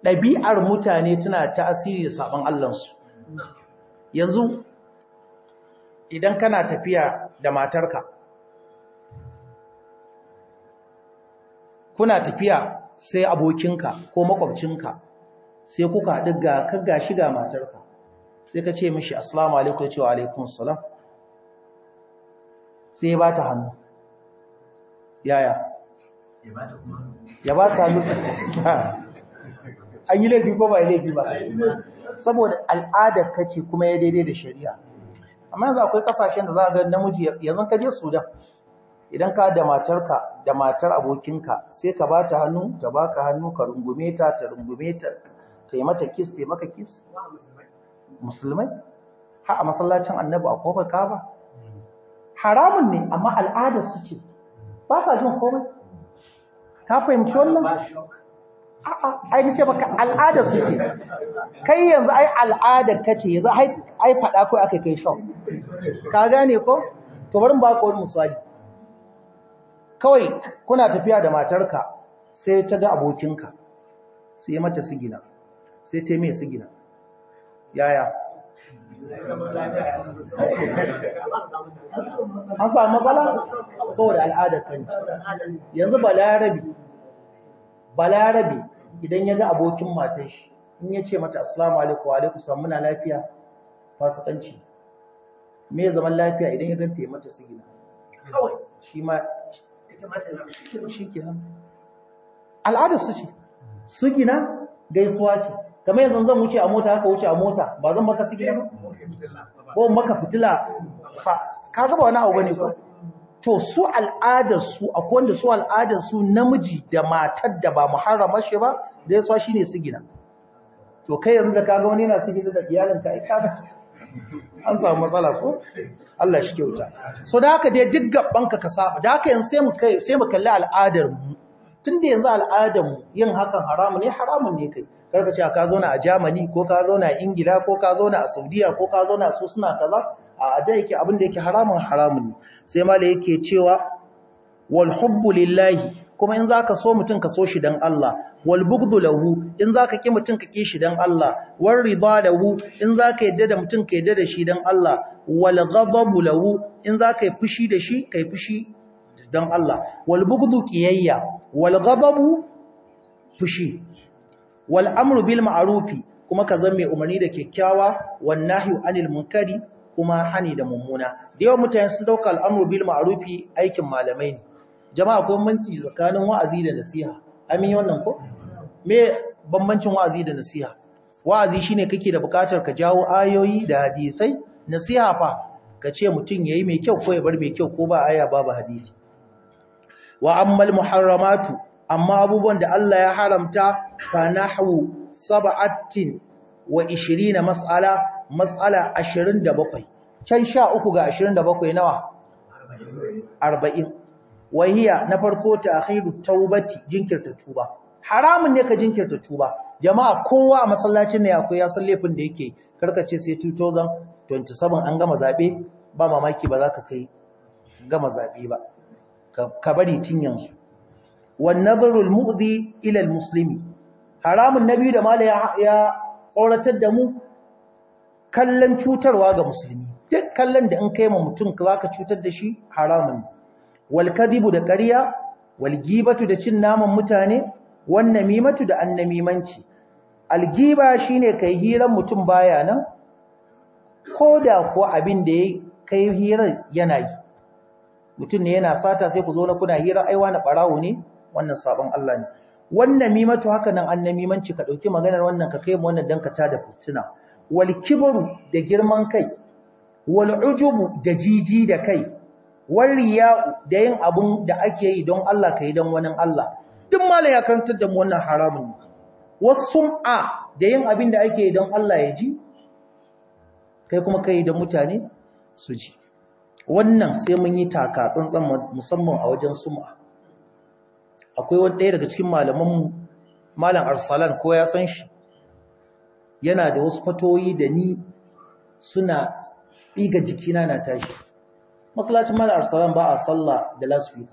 ɗabi'ar mutane tana asiri da sabon allansu yanzu idan kana tafiya da matarka kuna tafiya sai abokinka ko makwabcinka sai kuka haɗu ga kagga shiga matarka sai ka ce mishi assalamu alaikum ce wa alaikum salam sai ya ta hannu yaya ya ba ta hannu an yi laifi ko ba yi laifi ba saboda al'adar kace kuma ya daidai da shari'a amma yanzu akwai kasashen da za a ga namiji yanzu ka je sudan idan ka da matarka da matar abokinka sai ka ba ta hannu ta ba ka hannu ka rungume ta ta rungume ta ta yi mata kis ta yi maka kis musulmai ha a masallacin annabi a kofar kaba haramun ne amma al'ada suke ba sa jin komai ka fahimci wannan a'a ai nace baka al'ada suke kai yanzu ai al'ada kace yanzu ai ai fada kai aka kai shop ka gane ko to bari ba ku wani misali kawai kuna tafiya da matarka sai ta ga abokinka sai mata sigina sai ta mai sigina yaya an samu matsala saboda al'adar ta ne yanzu balarabi balarabi idan ya ga abokin matan shi in ya ce mata asalamu alaikawa alaikawa alaikum na muna lafiya fasikanci me zaman lafiya idan ya ganta ya mata su kawai shi ma shi kenan al'adar su ce gina gaisuwa ce kamar yanzu zan wuce a mota haka wuce a mota ba zan maka sigila ba ko maka fitila ka ga ba wani abu bane ko to su al'adar su akwai wanda su al'adar su namiji da matar da ba muharrama shi ba da yasa shine sigila to kai yanzu da kaga wani yana sigila da iyalinka ai kaga an samu matsala ko Allah shi kyauta so da haka dai duk gaban ka ka saba da haka yanzu sai mu kai sai mu kalli al'adar mu tun da yanzu al'adamu yin hakan haramun ne haramun ne kai karka cewa ka zo na a Jamani, ko ka zo na Ingila ko ka zo na a Saudiya ko ka zo na su suna kaza a ada yake abinda da yake haramun haramun ne sai mala yake cewa wal hubbu lillahi kuma in zaka so mutun ka so shi dan Allah wal bughdu lahu in zaka ki mutun ka ki shi dan Allah wal rida lahu in zaka yadda da mutun ka yadda da shi dan Allah wal ghadabu lahu in zaka yi fushi da shi kai fushi don Allah wal bugdu Walgababu wal fushi wal amru bil ma'rufi kuma ka zama mai umarni da kyakkyawa wan nahyu anil munkari kuma hani da mummuna da yawan mutane sun dauka al'amru bil ma'rufi aikin malamai ne jama'a ko manci tsakanin wa'azi da nasiha amin wannan ko me bambancin wa'azi da nasiha wa'azi shine kake da bukatar ka jawo ayoyi da hadisai nasiha fa ka ce mutum ya yi mai kyau ko ya bar mai kyau ko ba aya babu hadisi wa ammal muharramatu amma abubuwan da Allah ya haramta fa nahwu sab'atin wa 20 mas'ala mas'ala 27 can 13 ga 27 nawa 40 wahiya na farko ta akhiru taubati jinkirta tuba haramun ne ka jinkirta tuba jama'a kowa a masallacin ne akwai ya san laifin da yake karkace sai 2027 an gama zabe ba mamaki ba za ka kai gama zabe ba ka bari tun yanzu wan nazarul mu'zi ila al muslimi haramun nabi da mala ya tsoratar da mu kallon cutarwa ga musulmi duk kallon da in kai ma mutum zaka cutar da shi haramun wal da Karya, wal gibatu da cin naman mutane wan namimatu da annamimanci al giba shine kai hiran mutum baya nan ko da ko abin da ya kai hirar yana yi mutum ne yana sata sai ku zo na kuna hira aiwa na barawo ne wannan sabon Allah ne wannan mimatu haka nan manci. ka dauki maganar wannan ka kai mu wannan dan ka da fitina wal kibru da girman kai wal ujubu da jiji da kai wal riya'u da yin abun da ake yi don Allah kai don wani Allah duk mala ya karantar da mu wannan haramun suma da yin abin da ake yi don Allah ya ji kai kuma kai da mutane su ji wannan sai mun yi taka tsantsan musamman a wajen sum'a akwai wani ɗaya daga cikin malamanmu malam arsalan ko ya san shi yana da wasu fatoyi da ni suna ɗiga jikina na tashi masalacin malam arsalan ba a sallah da lasfi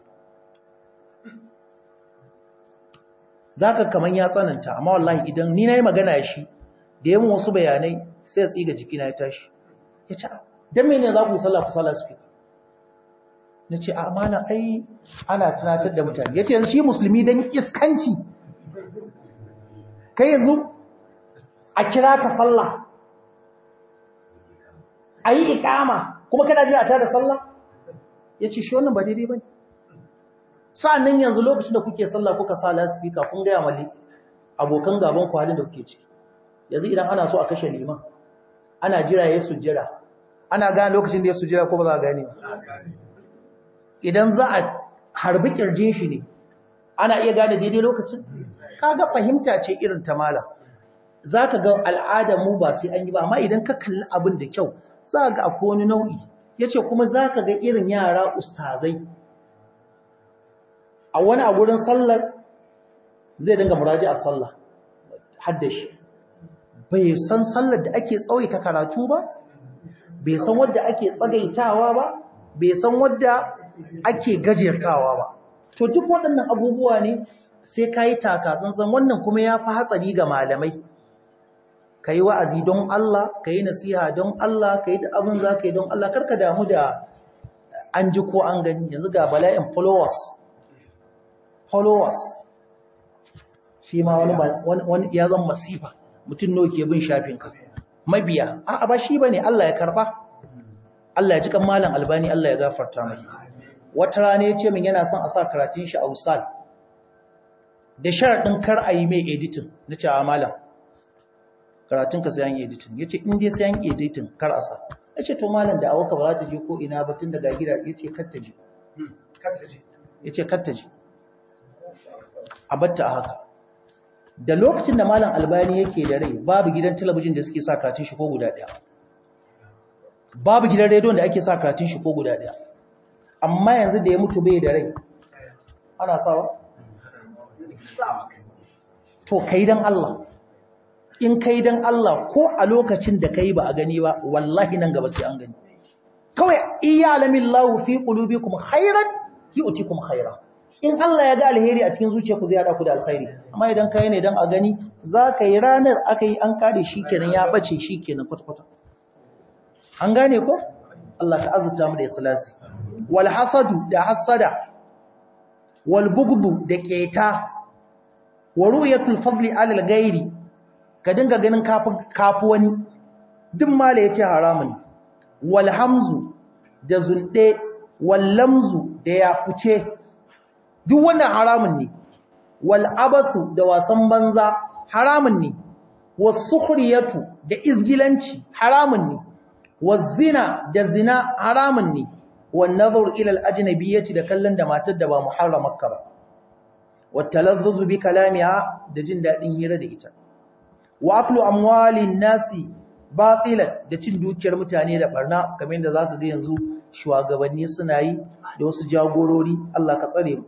za ka kamar ya tsananta amma wallahi idan ni na yi magana shi da yamma wasu bayanai sai ya tsiga jikina ya tashi ya ah, don mene za ku yi sallah ku sallah su na ce a amana ai ana tunatar da mutane ya ce yanzu shi musulmi don iskanci kai yanzu a kira ka sallah a yi ikama kuma kada jira a tada sallah ya ce shi wannan ba daidai ba ne sa'annan yanzu lokacin da kuke sallah kuka sa laspika kun gaya mali abokan gaban kwalin da kuke ciki yanzu idan ana so a kashe neman ana jira ya sujjira ana gane lokacin da ya sujira ko ba za a gane idan za a harbi kirjin shi ne ana iya gane daidai lokacin kaga fahimta ce irin ta malam ka ga al'adar mu ba sai an yi ba amma idan ka kalli abin da kyau za ga akwai wani nau'i yace kuma za ka ga irin yara ustazai a wani a gurin sallar zai dinga muraji a sallah haddashi bai san sallar da ake ta karatu ba bai san wadda ake tsagaitawa ba bai san wadda ake gajirtawa ba to duk waɗannan abubuwa ne sai ka yi taka wannan kuma ya fi hatsari ga malamai ka yi wa'azi don Allah ka yi nasiha don Allah ka yi abin za ka yi don Allah karka damu da an ji ko an gani yanzu ga bala'in followers followers shi ma wani ya zan masifa mutum no ke bin shafinka mabiya a'a ba shi bane Allah ya karba Allah ya ji kan malam albani Allah ya gafarta mai wata rana ya ce min yana son a sa karatun shi a usal da sharaɗin kar a yi mai editing na cewa malam karatun ka sai an editing ya ce in dai sai an editing kar a sa ya ce to malam da awaka ba za ta je ko ina ba tun daga gida ya ce kar ta je hmm, ya ce kar ta je a batta a haka da lokacin da malam albani yake da rai babu gidan talabijin da suke sa karatun shi ko guda ɗaya babu gidan rediyon da ake sa karatun shi ko guda ɗaya amma yanzu da ya mutu bai da rai ana sawa to kai dan Allah in kai dan Allah ko a lokacin da kai ba a gani ba wallahi nan gaba sai an gani kawai iyalamin lahu fi qulubikum khairan yu'tikum khairan in Allah ya ga alheri a cikin zuciyarku zai hada ku da alkhairi amma idan kai ne dan a gani za ka yi ranar aka yi an kare shi kenan ya bace shi kenan an gane ko Allah ka azurta mu da ikhlasi wal hasadu da hasada wal bugdu da keta wa ru'yatul fadli alal ghairi ka dinga ganin kafu wani duk mala yace haramun wal hamzu da zunde wal lamzu da yafuce duk wannan haramun ne wal da wasan banza haramun ne wasukhriyatu da izgilanci haramun ne zina da zina haramun ne wan nazar ila al ajnabiyyati da kallon da matar da ba muharramarka ba watalazzuzu bi kalamiha da jin dadin hira da ita wa aklu amwalin nasi batilan da cin dukiyar mutane da barna kamar yadda zaka ga yanzu shugabanni suna yi da wasu jagorori Allah ka tsare mu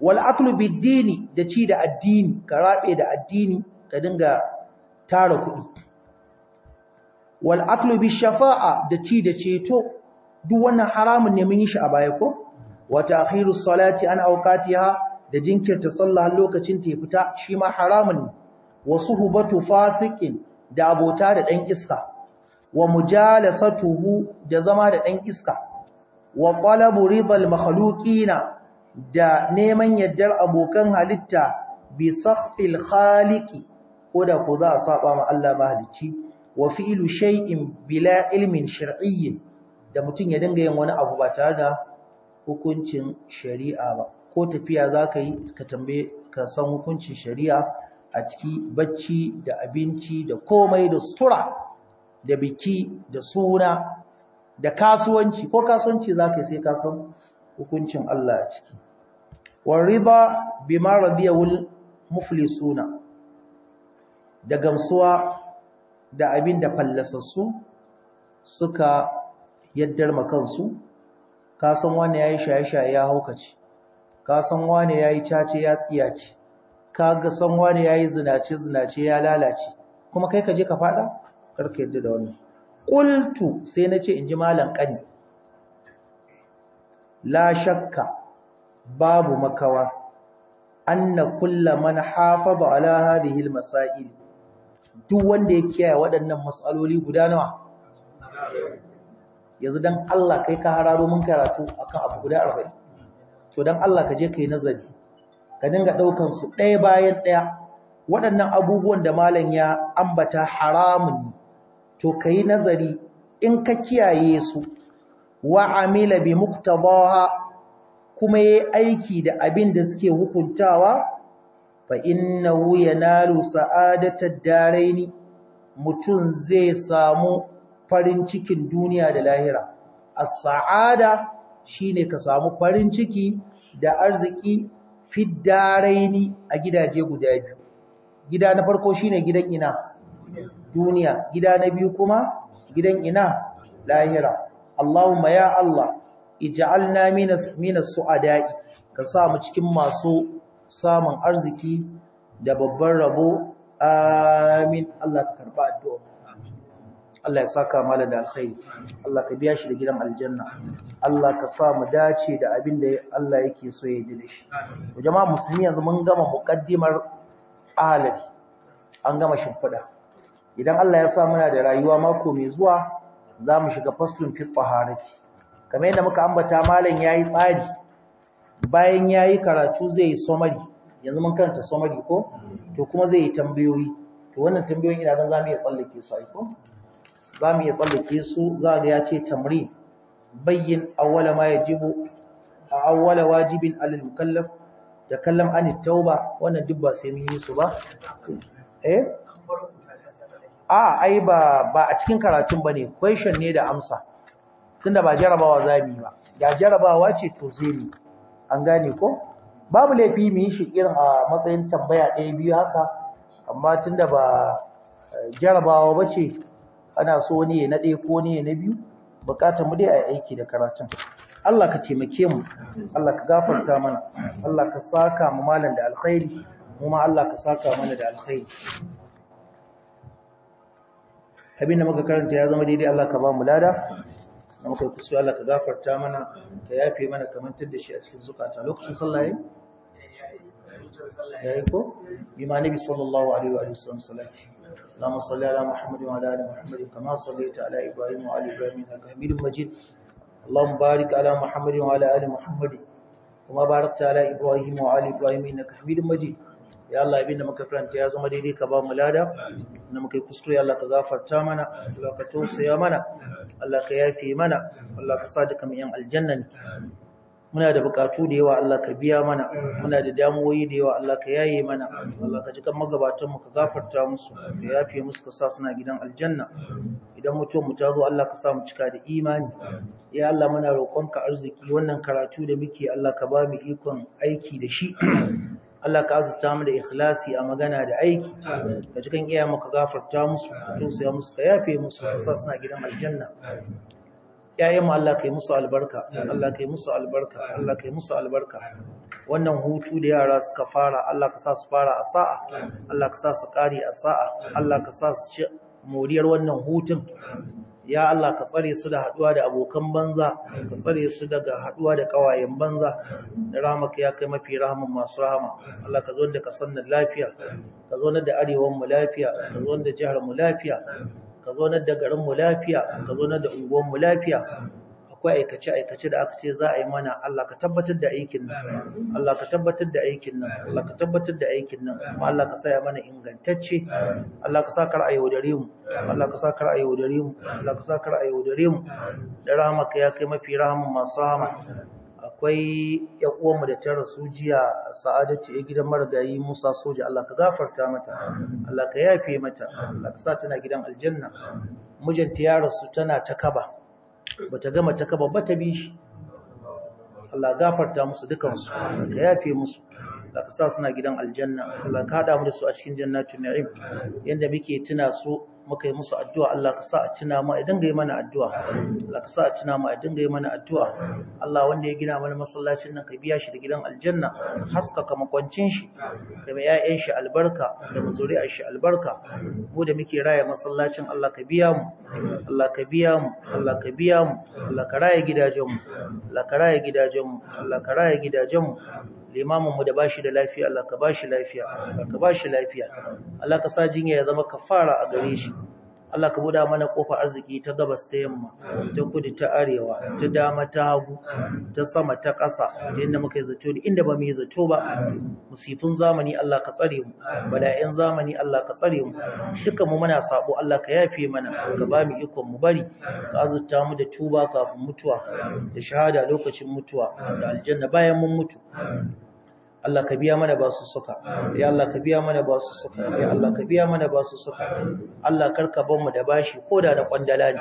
wal aklu biddini da ci da addini ka rabe da addini ka dinga tara kuɗi wal aklu bishafa'a da ci da ceto duk wannan haramun ne mun yi shi a baya ko wa ta'khiru salati an awqatiha da jinkirta sallah lokacin ta fita shi ma haramun ne wasu hubatu fasiqin da abota da dan iska wa mujalasatuhu da zama da ɗan iska wa ƙwalabu ribal makhluqina da neman yaddar abokan halitta bi sakhfil khaliqi ko da ko za a saba ma Allah mahalicci wa fi'lu shay'in bila ilmin shar'iyyin da mutum ya dinga yin wani abu ba tare da hukuncin shari'a ba ko tafiya zaka yi ka tambaye ka san hukuncin shari'a a ciki bacci da abinci da komai da sutura da biki da suna da kasuwanci ko kasuwanci za ka sai kasan hukuncin Allah a ciki warida bima radiyawul muflisuna da gamsuwa da abin da fallasassu suka yaddar makansu kasan wani ya yi shaye-shaye ya haukace kasan wani ya yi cace ya tsiyace ka ga san wani ya yi zinace-zinace ya lalace kuma kai ka je ka fada karka yadda da wannan qultu sai nace inji malam kani la shakka babu makawa anna kullu man hafaza ala hadhihi almasail duk wanda ya kiyaye waɗannan matsaloli guda nawa yanzu dan Allah kai ka hararo mun karatu akan abu guda 40 to dan Allah ka je kai nazari ka dinga daukan su ɗaya bayan ɗaya waɗannan abubuwan da malam ya ambata haramun to kai nazari in ka kiyaye su wa amila bi muktabaha kuma yayi aiki da abin da suke hukuntawa fa innahu yanalu sa'adata daraini mutun zai samu farin cikin duniya da lahira as-sa'ada shine ka samu farin ciki da arziki fi daraini a gidaje guda biyu gida na farko shine gidan ina duniya gida na biyu kuma gidan ina lahira Allahumma ya Allah ij'alna minas minas su'ada'i ka sa mu cikin masu samun arziki da babban rabo amin Allah ka karba addu'a Allah ya saka mala da alkhairi Allah ka biya shi da gidan aljanna Allah ka sa mu dace da abin da Allah yake so ya ji da shi jama'a musulmi yanzu mun gama muqaddimar alali. an gama shimfida idan Allah ya sa muna da rayuwa mako mai zuwa za mu shiga faslun fi taharati kamar yadda muka ambata malam ya yi tsari bayan yayi karatu zai yi summary yanzu mun karanta summary ko to kuma zai yi tambayoyi to wannan tambayoyin ina gan zamu iya tsallake su ai ko zamu iya tsallake su za ga ya ce tamrin bayyin awwala ma yajibu awwala wajibin alal mukallaf takallam anit tauba wannan duk sai mun yi su ba eh a ai ba ba a cikin karatun bane question ne da amsa tunda ba jarabawa zabi ba ya jarabawa ce to zai an gane ko babu laifi mu yi shi irin a matsayin tambaya ɗaya biyu haka amma tunda ba eh, jarabawa ba ce ana so ne na ɗaya ko ne na biyu bukatar mu dai a aiki da karatun Allah ka taimake mu Allah ka gafarta mana Allah ka saka mu malam da alkhairi mu Allah ka saka mana da alkhairi abinda muka karanta ya zama daidai Allah ka ba mu lada muka yi Allah ka gafarta mana ka yafe mana kamantar da shi a cikin zukata lokacin sallaye! yayi ko bi ma nabi sallallahu alaihi wa sallam salati اللهم صل على محمد وعلى ال محمد Ibrahim صليت على ابراهيم وعلى ابراهيم انك حميد مجيد اللهم بارك على محمد وعلى ال محمد كما باركت على ابراهيم وعلى ابراهيم انك حميد ya Allah abinda muka karanta ya zama daidai ka ba mu lada na muka yi ya Allah ka gafarta mana Allah ka tausaya mana Allah ka yafe mana Allah ka sa mu yan aljanna ne muna da bukatu da yawa Allah ka biya mana muna da damuwoyi da yawa Allah ka yaye mana Allah ka jikan magabatanmu ka gafarta musu ka yafe musu ka sa suna gidan aljanna idan mutum mu tazo Allah ka sa mu cika da imani ya Allah muna roƙonka arziki wannan karatu da muke Allah ka ba mu ikon aiki da shi Allah ka azurta mu da ikhlasi a magana da aiki ka cikin iya maka gafarta musu ka tausaya musu ka yafe musu ka sa suna gidan aljanna yayin mu Allah kai musu albarka Allah kai musu albarka Allah kai musu albarka wannan hutu da yara suka fara Allah ka sa su fara a sa'a Allah ka sa su kare a sa'a Allah ka sa su moriyar wannan hutun ya Allah ka tsare su da haduwa da abokan banza ka tsare su daga haduwa da kawayen banza da ramaka ya kai mafi rahaman masu rahama Allah ka zo da ka sannan lafiya ka zo da arewan mu lafiya ka zo da jihar mu lafiya ka zo da garin mu lafiya ka zo da unguwan mu lafiya akwai aikace-aikace da aka ce za a yi mana Allah ka tabbatar da aikin nan Allah ka tabbatar da aikin nan Allah ka tabbatar da aikin nan kuma Allah ka saya mana ingantacce Allah ka sa kar a yaudare mu Allah ka sa kar a yaudare mu Allah ka sa kar a yaudare mu da Rahama ka ya kai mafi Rahama masu rahama akwai yan uwanmu da ta rasu jiya sa'adatu ya gidan marigayi Musa soja Allah ka gafarta mata Allah ka yafe mata Allah ka sa tana gidan aljanna mijinta ya rasu tana ta kaba bata gama ta kaba ba ta bi shi Allah gafarta musu dukansu ka yafe musu Allah ka sa suna gidan aljanna Allah ka hada mu da su a cikin jannatu na'im yanda muke tuna su muka yi musu addu'a Allah ka sa a tuna mu a dinga yi mana addu'a Allah ka sa a tuna mu a dinga yi mana addu'a Allah wanda ya gina mana masallacin nan ka biya shi da gidan aljanna haskaka makwancin shi ka mai ƴaƴan shi albarka da mazuri'ar shi albarka mu da muke raya masallacin Allah ka biya mu Allah ka biya mu Allah ka biya mu Allah ka raya gidajen mu Allah ka raya gidajen mu Allah ka raya gidajen mu limamin mu da bashi da lafiya Allah ka bashi lafiya Allah ka shi lafiya Allah ka sa jinya ya zama kafara a gare shi Allah ka buɗa mana kofar arziki ta gabas ta yamma ta kudu ta arewa ta dama ta hagu ta sama ta ƙasa ta inda muka yi zato da inda ba mu yi zato ba musifin zamani Allah ka tsare mu bala'in zamani Allah ka tsare mu dukkan mu muna sabo Allah ka yafe mana ka ba mu ikon mu bari ka azurta mu da tuba kafin mutuwa da shahada lokacin mutuwa da aljanna bayan mun mutu Allah ka biya mana basu suka ya Allah ka biya mana basu suka ya Allah ka biya mana basu suka Allah karka ban mu da bashi ko da da ƙwandala ne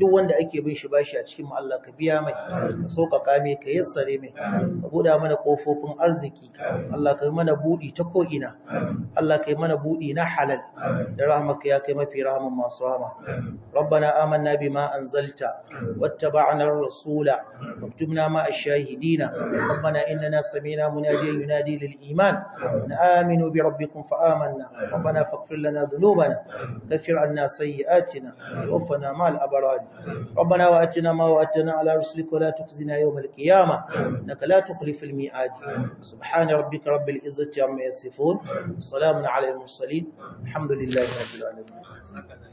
duk wanda ake bin shi bashi a cikin Allah ka biya mai ka sauƙaƙa mai ka yi yassare mai ka buɗa mana ƙofofin arziki Allah ka yi mana buɗi ta ko'ina. Allah ka yi mana buɗi na halal da rahmaka ya kai mafi rahman masu rahma rabbana amanna bima anzalta wattaba'na ar-rasula waktubna ma ash-shahidina rabbana na sami'na munadiyan ينادي للإيمان آمنوا بربكم فآمنا ربنا فاغفر لنا ذنوبنا كفر عنا سيئاتنا وتوفنا مع الأبرار ربنا وأتنا ما وأتنا على رسلك ولا تخزنا يوم القيامة إنك لا تخلف الميعاد سبحان ربك رب العزة عما يصفون وسلام على المرسلين الحمد لله رب العالمين